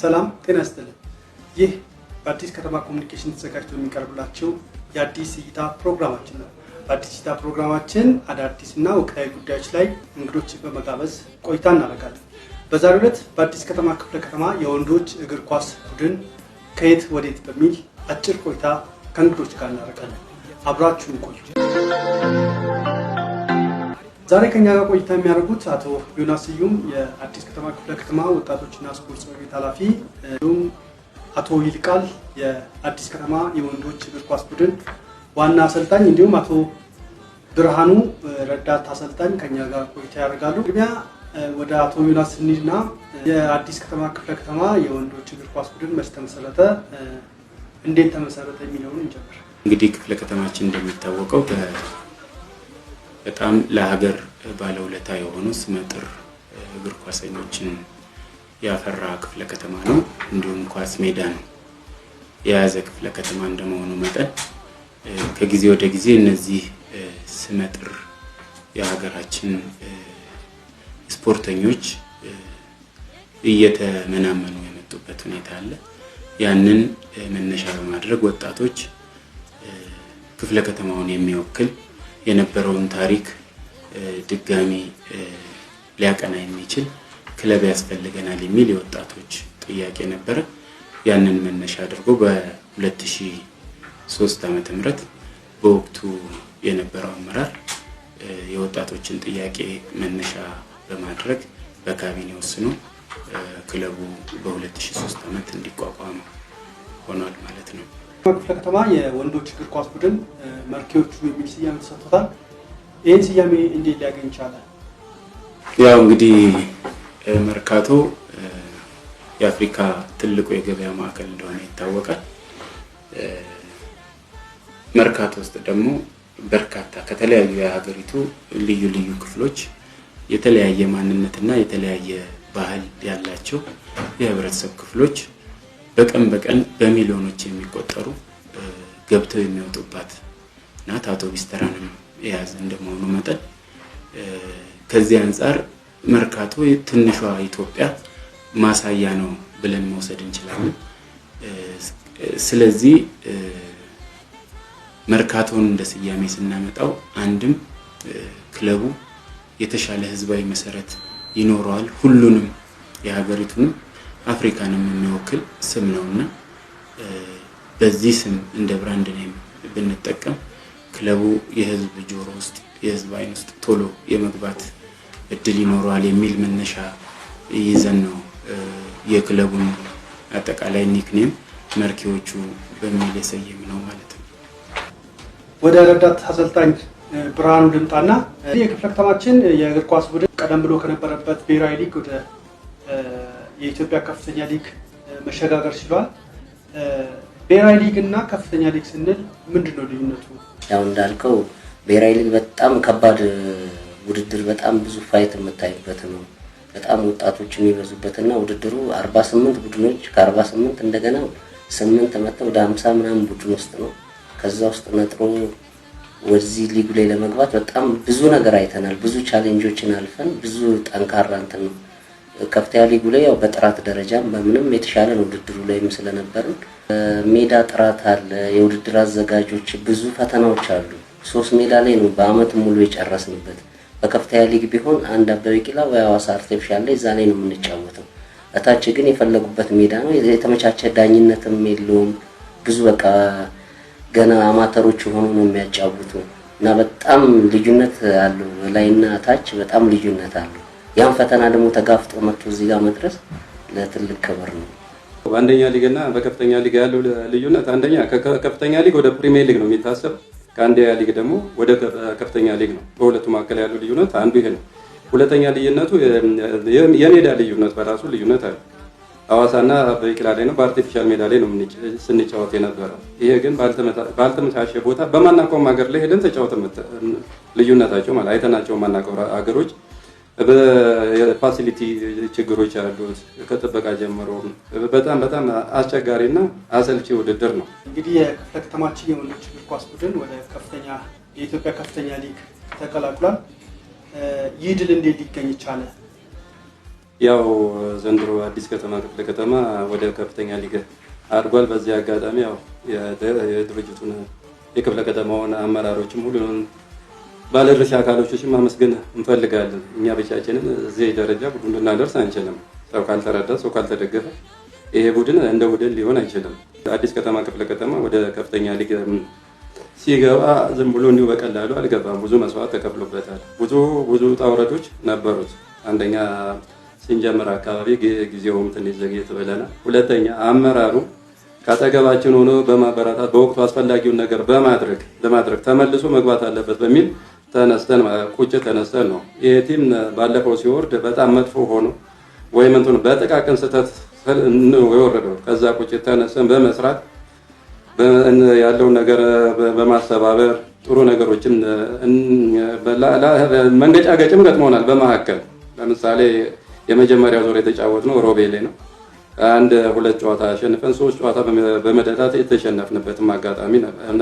ሰላም ጤና ይስጥልን። ይህ በአዲስ ከተማ ኮሚኒኬሽን ተዘጋጅቶ የሚቀርብላቸው የአዲስ እይታ ፕሮግራማችን ነው። በአዲስ እይታ ፕሮግራማችን አዳዲስ እና ወቅታዊ ጉዳዮች ላይ እንግዶችን በመጋበዝ ቆይታ እናደርጋለን። በዛሬው ዕለት በአዲስ ከተማ ክፍለ ከተማ የወንዶች እግር ኳስ ቡድን ከየት ወዴት በሚል አጭር ቆይታ ከእንግዶች ጋር እናደርጋለን። አብራችሁን ቆዩ። ዛሬ ከኛ ጋር ቆይታ የሚያደርጉት አቶ ዮናስ ስዩም የአዲስ ከተማ ክፍለ ከተማ ወጣቶችና ስፖርት ጽሕፈት ቤት ኃላፊ፣ እንዲሁም አቶ ይልቃል የአዲስ ከተማ የወንዶች እግር ኳስ ቡድን ዋና አሰልጣኝ፣ እንዲሁም አቶ ብርሃኑ ረዳት አሰልጣኝ ከኛ ጋር ቆይታ ያደርጋሉ። ቅድሚያ ወደ አቶ ዮናስ ስኒድና የአዲስ ከተማ ክፍለ ከተማ የወንዶች እግር ኳስ ቡድን መች ተመሰረተ፣ እንዴት ተመሰረተ የሚለውን እንጀምር። እንግዲህ ክፍለ ከተማችን እንደሚታወቀው በጣም ለሀገር ባለውለታ የሆኑ ስመጥር እግር ኳሰኞችን ያፈራ ክፍለ ከተማ ነው። እንዲሁም ኳስ ሜዳን የያዘ ክፍለ ከተማ እንደመሆኑ መጠን ከጊዜ ወደ ጊዜ እነዚህ ስመጥር የሀገራችን ስፖርተኞች እየተመናመኑ የመጡበት ሁኔታ አለ። ያንን መነሻ በማድረግ ወጣቶች ክፍለ ከተማውን የሚወክል የነበረውን ታሪክ ድጋሚ ሊያቀና የሚችል ክለብ ያስፈልገናል የሚል የወጣቶች ጥያቄ ነበረ። ያንን መነሻ አድርጎ በ2003 ዓ.ም በወቅቱ የነበረው አመራር የወጣቶችን ጥያቄ መነሻ በማድረግ በካቢኔ ወስኖ ክለቡ በ2003 ዓመት እንዲቋቋም ሆኗል ማለት ነው። ክፍለ ከተማ የወንዶች እግር ኳስ ቡድን መርኪዎቹ የሚል ስያሜ ተሰጥቶታል። ይህን ስያሜ እንዴት ሊያገኝ ይቻላል? ያው እንግዲህ መርካቶ የአፍሪካ ትልቁ የገበያ ማዕከል እንደሆነ ይታወቃል። መርካቶ ውስጥ ደግሞ በርካታ ከተለያዩ የሀገሪቱ ልዩ ልዩ ክፍሎች የተለያየ ማንነትና የተለያየ ባህል ያላቸው የህብረተሰብ ክፍሎች በቀን በቀን በሚሊዮኖች የሚቆጠሩ ገብተው የሚወጡባት ናት። አውቶቡስ ተራንም የያዘ እንደመሆኑ መጠን ከዚህ አንጻር መርካቶ ትንሿ ኢትዮጵያ ማሳያ ነው ብለን መውሰድ እንችላለን። ስለዚህ መርካቶን እንደ ስያሜ ስናመጣው አንድም ክለቡ የተሻለ ህዝባዊ መሰረት ይኖረዋል። ሁሉንም የሀገሪቱንም አፍሪካንም የሚወክል ስም ነው እና በዚህ ስም እንደ ብራንድ ኔም ብንጠቀም ክለቡ የህዝብ ጆሮ ውስጥ የህዝብ አይን ውስጥ ቶሎ የመግባት እድል ይኖረዋል የሚል መነሻ ይዘን ነው የክለቡን አጠቃላይ ኒክኔም መርኪዎቹ በሚል የሰየም ነው ማለት ነው። ወደ ረዳት አሰልጣኝ ብርሃኑ ድምጣና የክፍለ ከተማችን የእግር ኳስ ቡድን ቀደም ብሎ ከነበረበት ብሔራዊ ሊግ ወደ የኢትዮጵያ ከፍተኛ ሊግ መሸጋገር ችሏል። ብሔራዊ ሊግ እና ከፍተኛ ሊግ ስንል ምንድን ነው ልዩነቱ? ያው እንዳልከው ብሔራዊ ሊግ በጣም ከባድ ውድድር፣ በጣም ብዙ ፋይት የምታይበት ነው። በጣም ወጣቶች የሚበዙበትና ውድድሩ አርባ ስምንት ቡድኖች ከ48 እንደገና ስምንት መጥተው ወደ ሀምሳ ምናምን ቡድን ውስጥ ነው። ከዛ ውስጥ ነጥሮ ወደዚህ ሊጉ ላይ ለመግባት በጣም ብዙ ነገር አይተናል። ብዙ ቻሌንጆችን አልፈን ብዙ ጠንካራ እንትን ነው ከፍተኛ ሊጉ ላይ ያው በጥራት ደረጃም በምንም የተሻለ ነው። ውድድሩ ላይም ስለነበርን ሜዳ ጥራት አለ። የውድድር አዘጋጆች ብዙ ፈተናዎች አሉ። ሶስት ሜዳ ላይ ነው በአመት ሙሉ የጨረስንበት። በከፍተኛ ሊግ ቢሆን አንድ አበበ ቢቂላ በሐዋሳ አርቲፊሻል ላይ እዛ ላይ ነው የምንጫወተው። እታች ግን የፈለጉበት ሜዳ ነው። የተመቻቸ ዳኝነትም የለውም። ብዙ በቃ ገና አማተሮች የሆኑ ነው የሚያጫውቱ እና በጣም ልዩነት አለው። ላይና ታች በጣም ልዩነት አለው። ያን ፈተና ደግሞ ተጋፍጦ መጥቶ እዚህ ጋር መድረስ ለትልቅ ክብር ነው። በአንደኛ ሊግና በከፍተኛ ሊግ ያለው ልዩነት አንደኛ ከከፍተኛ ሊግ ወደ ፕሪሚየር ሊግ ነው የሚታሰብ፣ ከአንደኛ ሊግ ደግሞ ወደ ከፍተኛ ሊግ ነው። በሁለቱ መካከል ያለው ልዩነት አንዱ ይሄ ነው። ሁለተኛ ልዩነቱ የሜዳ ልዩነት በራሱ ልዩነት አለ። ሐዋሳና በቂላ ላይ ነው በአርቲፊሻል ሜዳ ላይ ነው ስንጫወት የነበረው። ይሄ ግን ባልተመቻቸ ቦታ በማናውቀውም ሀገር ላይ ሄደን ተጫወት ልዩነታቸው ማለት አይተናቸው ማናውቀው ሀገሮች በፋሲሊቲ ችግሮች ያሉት ከጥበቃ ጀምሮ በጣም በጣም አስቸጋሪና አሰልቺ ውድድር ነው። እንግዲህ የክፍለ ከተማችን የወንዶች እግር ኳስ ቡድን ወደ ከፍተኛ የኢትዮጵያ ከፍተኛ ሊግ ተቀላቅሏል። ይህ ድል እንዴት ሊገኝ ይቻለ? ያው ዘንድሮ አዲስ ከተማ ክፍለ ከተማ ወደ ከፍተኛ ሊግ አድጓል። በዚህ አጋጣሚ ያው የድርጅቱን የክፍለ ከተማውን አመራሮችም ሁሉንም ባለድርሻ አካሎችን ማመስገን እንፈልጋለን። እኛ ብቻችንም እዚህ ደረጃ ቡድን ልናደርስ አንችልም። ሰው ካልተረዳ፣ ሰው ካልተደገፈ ይሄ ቡድን እንደ ቡድን ሊሆን አይችልም። አዲስ ከተማ ክፍለ ከተማ ወደ ከፍተኛ ሊግ ሲገባ ዝም ብሎ እንዲሁ በቀላሉ አልገባም። ብዙ መስዋዕት ተከፍሎበታል። ብዙ ብዙ ጣውረዶች ነበሩት። አንደኛ ስንጀምር አካባቢ ጊዜውም ትንሽ ዘግየት ብለና፣ ሁለተኛ አመራሩ ከአጠገባችን ሆኖ በማበረታት በወቅቱ አስፈላጊውን ነገር በማድረግ ለማድረግ ተመልሶ መግባት አለበት በሚል ተነስተን ቁጭት ተነስተን ነው። ይሄ ቲም ባለፈው ሲወርድ በጣም መጥፎ ሆኖ ወይም እንትኑ በጥቃቅን ስህተት የወረደው ከዛ ቁጭት ተነስተን በመስራት ያለውን ነገር በማስተባበር ጥሩ ነገሮችን ገጭም ገጥሞናል። በመካከል ለምሳሌ የመጀመሪያ ዙር የተጫወትነው ሮቤሌ ነው። አንድ ሁለት ጨዋታ አሸንፈን ሶስት ጨዋታ በመደታት የተሸነፍንበትም አጋጣሚ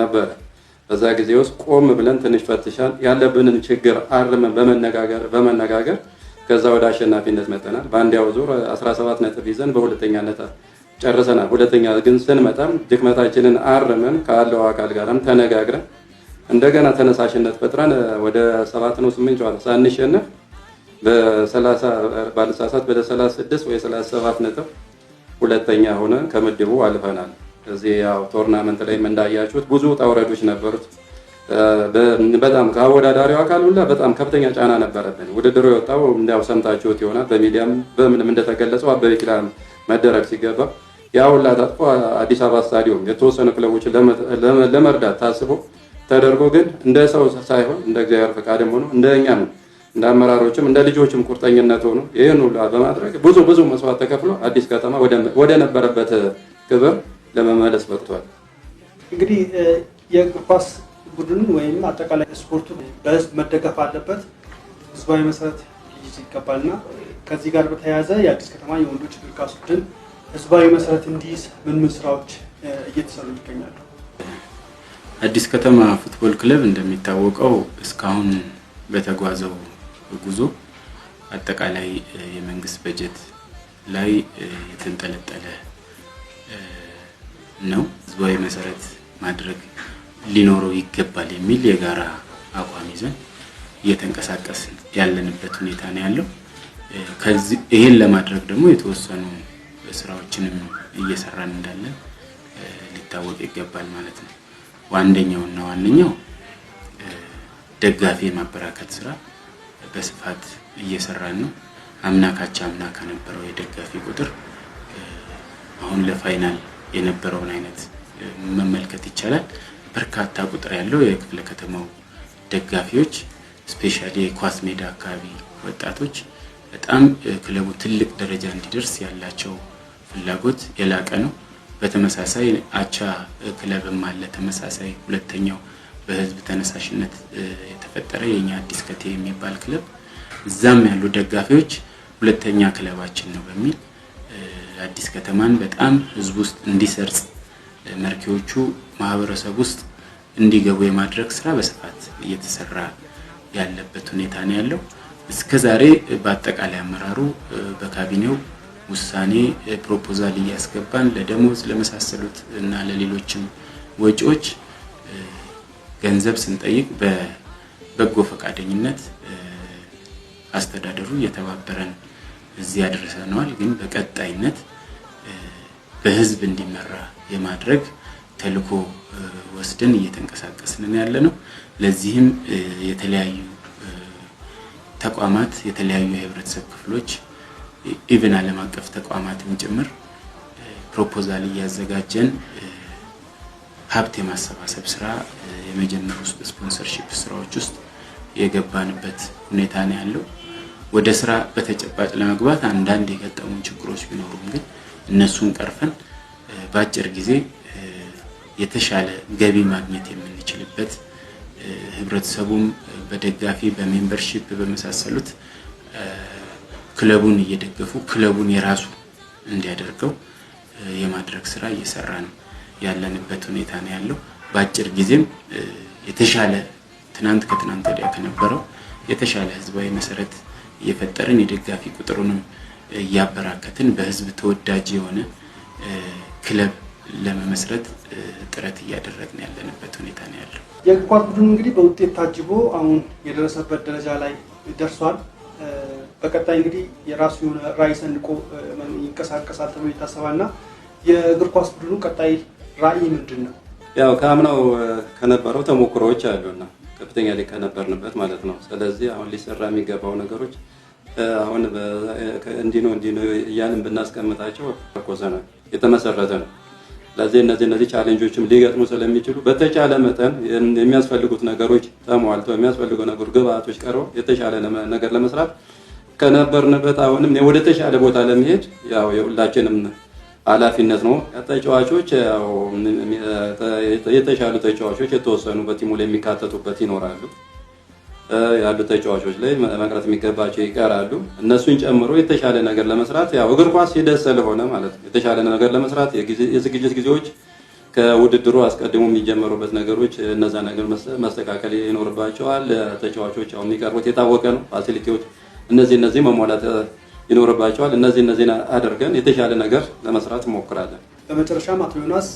ነበረ። በዛ ጊዜ ውስጥ ቆም ብለን ትንሽ ፈትሻል ያለብንን ችግር አርምን በመነጋገር በመነጋገር ከዛ ወደ አሸናፊነት መጠናል። በአንዲያው ዙር 17 ነጥብ ይዘን በሁለተኛነት ጨርሰናል። ሁለተኛ ግን ስንመጣም ድክመታችንን አርመን ካለው አካል ጋርም ተነጋግረን እንደገና ተነሳሽነት ፈጥረን ወደ ሰባት ነው ስምንት ጨዋታ ሳንሸነፍ ባልሳሳት ወደ 36 ወይ 37 ነጥብ ሁለተኛ ሆነ ከምድቡ አልፈናል። እዚህ ያው ቶርናመንት ላይ እንዳያችሁት ብዙ ውጣ ውረዶች ነበሩት። በጣም ከአወዳዳሪው አካል ሁላ በጣም ከፍተኛ ጫና ነበረብን። ውድድሩ የወጣው እንዲያው ሰምታችሁት ይሆናል በሚዲያም በምንም እንደተገለጸው አበበ ቢቂላ መደረግ ሲገባ ያ ሁላ ታጥፎ አዲስ አበባ ስታዲዮም የተወሰኑ ክለቦች ለመርዳት ታስቦ ተደርጎ ግን እንደ ሰው ሳይሆን እንደ እግዚአብሔር ፈቃድም ሆኖ እንደ እኛም እንደ አመራሮችም እንደ ልጆችም ቁርጠኝነት ሆኖ ይህን ሁላ በማድረግ ብዙ ብዙ መስዋዕት ተከፍሎ አዲስ ከተማ ወደነበረበት ክብር ለመመለስ በቅቷል። እንግዲህ የእግር ኳስ ቡድን ወይም አጠቃላይ ስፖርቱ በህዝብ መደገፍ አለበት፣ ህዝባዊ መሰረት ሊይዝ ይገባልና ከዚህ ጋር በተያያዘ የአዲስ ከተማ የወንዶች እግር ኳስ ቡድን ህዝባዊ መሰረት እንዲይዝ ምን ምን ስራዎች እየተሰሩ ይገኛሉ? አዲስ ከተማ ፉትቦል ክለብ እንደሚታወቀው እስካሁን በተጓዘው ጉዞ አጠቃላይ የመንግስት በጀት ላይ የተንጠለጠለ ነው ህዝባዊ መሰረት ማድረግ ሊኖረው ይገባል የሚል የጋራ አቋም ይዘን እየተንቀሳቀስ ያለንበት ሁኔታ ነው ያለው። ይህን ለማድረግ ደግሞ የተወሰኑ ስራዎችንም እየሰራን እንዳለን ሊታወቅ ይገባል ማለት ነው። ዋንደኛው እና ዋነኛው ደጋፊ የማበራከት ስራ በስፋት እየሰራን ነው። አምና ካቻ አምና ከነበረው የደጋፊ ቁጥር አሁን ለፋይናል የነበረውን አይነት መመልከት ይቻላል። በርካታ ቁጥር ያለው የክፍለ ከተማው ደጋፊዎች ስፔሻሊ የኳስ ሜዳ አካባቢ ወጣቶች በጣም ክለቡ ትልቅ ደረጃ እንዲደርስ ያላቸው ፍላጎት የላቀ ነው። በተመሳሳይ አቻ ክለብም አለ። ተመሳሳይ ሁለተኛው በህዝብ ተነሳሽነት የተፈጠረ የኛ አዲስ ከቴ የሚባል ክለብ እዛም ያሉ ደጋፊዎች ሁለተኛ ክለባችን ነው በሚል አዲስ ከተማን በጣም ህዝብ ውስጥ እንዲሰርጽ መርኪዎቹ ማህበረሰብ ውስጥ እንዲገቡ የማድረግ ስራ በስፋት እየተሰራ ያለበት ሁኔታ ነው ያለው። እስከ ዛሬ በአጠቃላይ አመራሩ በካቢኔው ውሳኔ ፕሮፖዛል እያስገባን ለደሞዝ ለመሳሰሉት እና ለሌሎችም ወጪዎች ገንዘብ ስንጠይቅ በበጎ ፈቃደኝነት አስተዳደሩ እየተባበረን እዚህ ያደረሰነዋል። ግን በቀጣይነት በህዝብ እንዲመራ የማድረግ ተልዕኮ ወስደን እየተንቀሳቀስንን ያለ ነው። ለዚህም የተለያዩ ተቋማት፣ የተለያዩ የህብረተሰብ ክፍሎች ኢቨን ዓለም አቀፍ ተቋማትን ጭምር ፕሮፖዛል እያዘጋጀን ሀብት የማሰባሰብ ስራ የመጀመር ውስጥ ስፖንሰርሺፕ ስራዎች ውስጥ የገባንበት ሁኔታ ነው ያለው። ወደ ስራ በተጨባጭ ለመግባት አንዳንድ የገጠሙ ችግሮች ቢኖሩም ግን እነሱን ቀርፈን በአጭር ጊዜ የተሻለ ገቢ ማግኘት የምንችልበት ህብረተሰቡም በደጋፊ በሜምበርሺፕ በመሳሰሉት ክለቡን እየደገፉ ክለቡን የራሱ እንዲያደርገው የማድረግ ስራ እየሰራን ያለንበት ሁኔታ ነው ያለው። በአጭር ጊዜም የተሻለ ትናንት ከትናንት ወዲያ ከነበረው የተሻለ ህዝባዊ መሰረት እየፈጠርን የደጋፊ ቁጥሩንም እያበራከትን በህዝብ ተወዳጅ የሆነ ክለብ ለመመስረት ጥረት እያደረግን ያለንበት ሁኔታ ነው ያለው። የእግር ኳስ ቡድኑ እንግዲህ በውጤት ታጅቦ አሁን የደረሰበት ደረጃ ላይ ደርሷል። በቀጣይ እንግዲህ የራሱ የሆነ ራዕይ ሰንቆ ይንቀሳቀሳል ተብሎ ይታሰባል እና የእግር ኳስ ቡድኑ ቀጣይ ራዕይ ምንድን ነው? ያው ከአምናው ከነበረው ተሞክሮዎች አሉና ከፍተኛ ላይ ከነበርንበት ማለት ነው። ስለዚህ አሁን ሊሰራ የሚገባው ነገሮች አሁን እንዲህ ነው እንዲህ ነው እያልን ብናስቀምጣቸው ተኮሰ ነው የተመሰረተ ነው። ለዚህ እነዚህ እነዚህ ቻሌንጆችም ሊገጥሙ ስለሚችሉ በተቻለ መጠን የሚያስፈልጉት ነገሮች ተሟልተው የሚያስፈልጉ ነገር ግብአቶች ቀርበው የተሻለ ነገር ለመስራት ከነበርንበት አሁንም ወደ ተሻለ ቦታ ለመሄድ ያው የሁላችንም ኃላፊነት ነው። ተጫዋቾች የተሻሉ ተጫዋቾች የተወሰኑ በቲሙ ላይ የሚካተቱበት ይኖራሉ። ያሉ ተጫዋቾች ላይ መቅረት የሚገባቸው ይቀራሉ። እነሱን ጨምሮ የተሻለ ነገር ለመስራት ያው እግር ኳስ ሂደት ስለሆነ ማለት ነው የተሻለ ነገር ለመስራት የዝግጅት ጊዜዎች ከውድድሩ አስቀድሞ የሚጀመሩበት ነገሮች እነዛ ነገር መስተካከል ይኖርባቸዋል። ተጫዋቾች አሁን የሚቀርቡት የታወቀ ነው። ፋሲሊቲዎች እነዚህ እነዚህ መሟላት ይኖርባቸዋል። እነዚህ እነዚህን አድርገን የተሻለ ነገር ለመስራት እሞክራለን። በመጨረሻም አቶ ዮናስ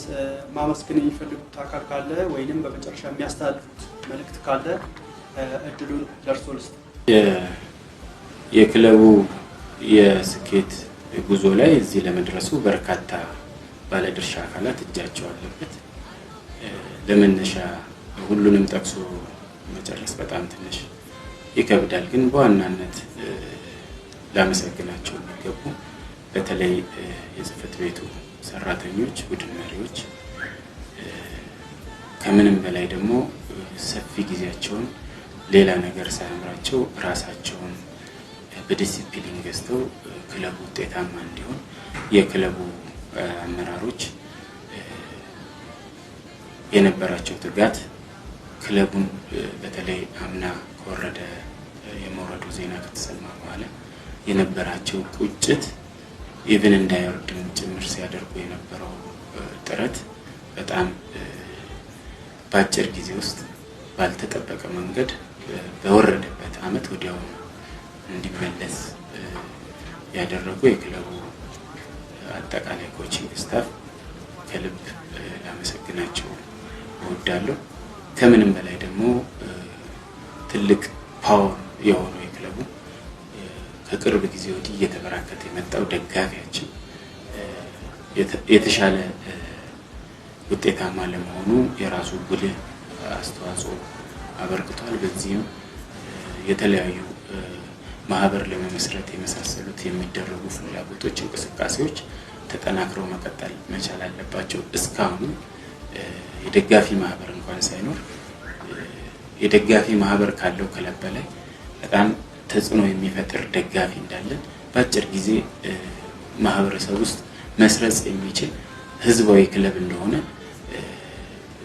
ማመስገን የሚፈልጉት አካል ካለ ወይም በመጨረሻ የሚያስተላልፉት መልእክት ካለ እድሉን ልስጥ የክለቡ የስኬት ጉዞ ላይ እዚህ ለመድረሱ በርካታ ባለድርሻ አካላት እጃቸው አለበት። ለመነሻ ሁሉንም ጠቅሶ መጨረስ በጣም ትንሽ ይከብዳል። ግን በዋናነት ላመሰግናቸው የሚገቡ በተለይ የጽህፈት ቤቱ ሰራተኞች፣ ቡድን መሪዎች ከምንም በላይ ደግሞ ሰፊ ጊዜያቸውን ሌላ ነገር ሳያምራቸው ራሳቸውን በዲሲፕሊን ገዝተው ክለቡ ውጤታማ እንዲሆን የክለቡ አመራሮች የነበራቸው ትጋት ክለቡን በተለይ አምና ከወረደ የመውረዱ ዜና ከተሰማ በኋላ የነበራቸው ቁጭት ኢቭን እንዳይወርድም ጭምር ሲያደርጉ የነበረው ጥረት በጣም በአጭር ጊዜ ውስጥ ባልተጠበቀ መንገድ በወረደበት አመት ወዲያው እንዲመለስ ያደረጉ የክለቡ አጠቃላይ ኮችንግ ስታፍ ከልብ ላመሰግናቸው እወዳለሁ። ከምንም በላይ ደግሞ ትልቅ ፓወር የሆነው የክለቡ ከቅርብ ጊዜ ወዲህ እየተበራከተ የመጣው ደጋፊያችን የተሻለ ውጤታማ ለመሆኑ የራሱ ጉልህ አስተዋጽኦ አበርክቷል። በዚህም የተለያዩ ማህበር ለመመስረት የመሳሰሉት የሚደረጉ ፍላጎቶች፣ እንቅስቃሴዎች ተጠናክረው መቀጠል መቻል አለባቸው። እስካሁን የደጋፊ ማህበር እንኳን ሳይኖር የደጋፊ ማህበር ካለው ክለብ በላይ በጣም ተጽዕኖ የሚፈጥር ደጋፊ እንዳለን በአጭር ጊዜ ማህበረሰብ ውስጥ መስረጽ የሚችል ህዝባዊ ክለብ እንደሆነ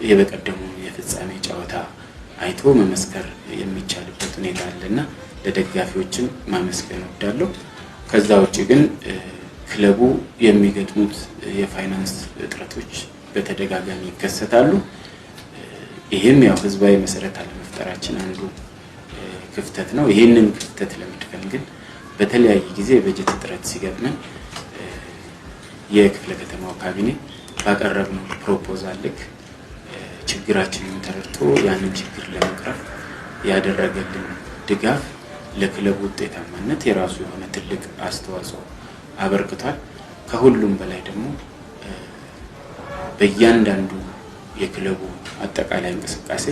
የበቀደሙ የፍጻሜ ጨዋታ አይቶ መመስከር የሚቻልበት ሁኔታ አለና ለደጋፊዎችም ማመስገን ወዳለሁ። ከዛ ውጭ ግን ክለቡ የሚገጥሙት የፋይናንስ እጥረቶች በተደጋጋሚ ይከሰታሉ። ይህም ያው ህዝባዊ መሰረት አለመፍጠራችን አንዱ ክፍተት ነው። ይህንን ክፍተት ለመድፈን ግን በተለያየ ጊዜ የበጀት እጥረት ሲገጥመን የክፍለ ከተማው ካቢኔ ባቀረብነው ፕሮፖዛል ልክ ችግራችንን ተረድቶ ያንን ችግር ለመቅረፍ ያደረገልን ድጋፍ ለክለቡ ውጤታማነት የራሱ የሆነ ትልቅ አስተዋጽኦ አበርክቷል። ከሁሉም በላይ ደግሞ በእያንዳንዱ የክለቡ አጠቃላይ እንቅስቃሴ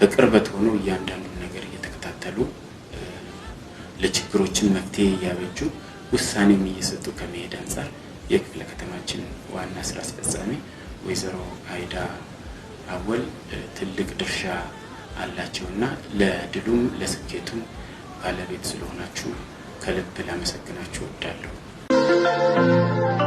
በቅርበት ሆኖ እያንዳንዱን ነገር እየተከታተሉ ለችግሮችን መፍትሄ እያበጁ ውሳኔም እየሰጡ ከመሄድ አንጻር የክፍለ ከተማችን ዋና ስራ አስፈጻሚ ወይዘሮ አይዳ አወል ትልቅ ድርሻ አላቸው እና ለድሉም ለስኬቱም ባለቤት ስለሆናችሁ ከልብ ላመሰግናችሁ እወዳለሁ።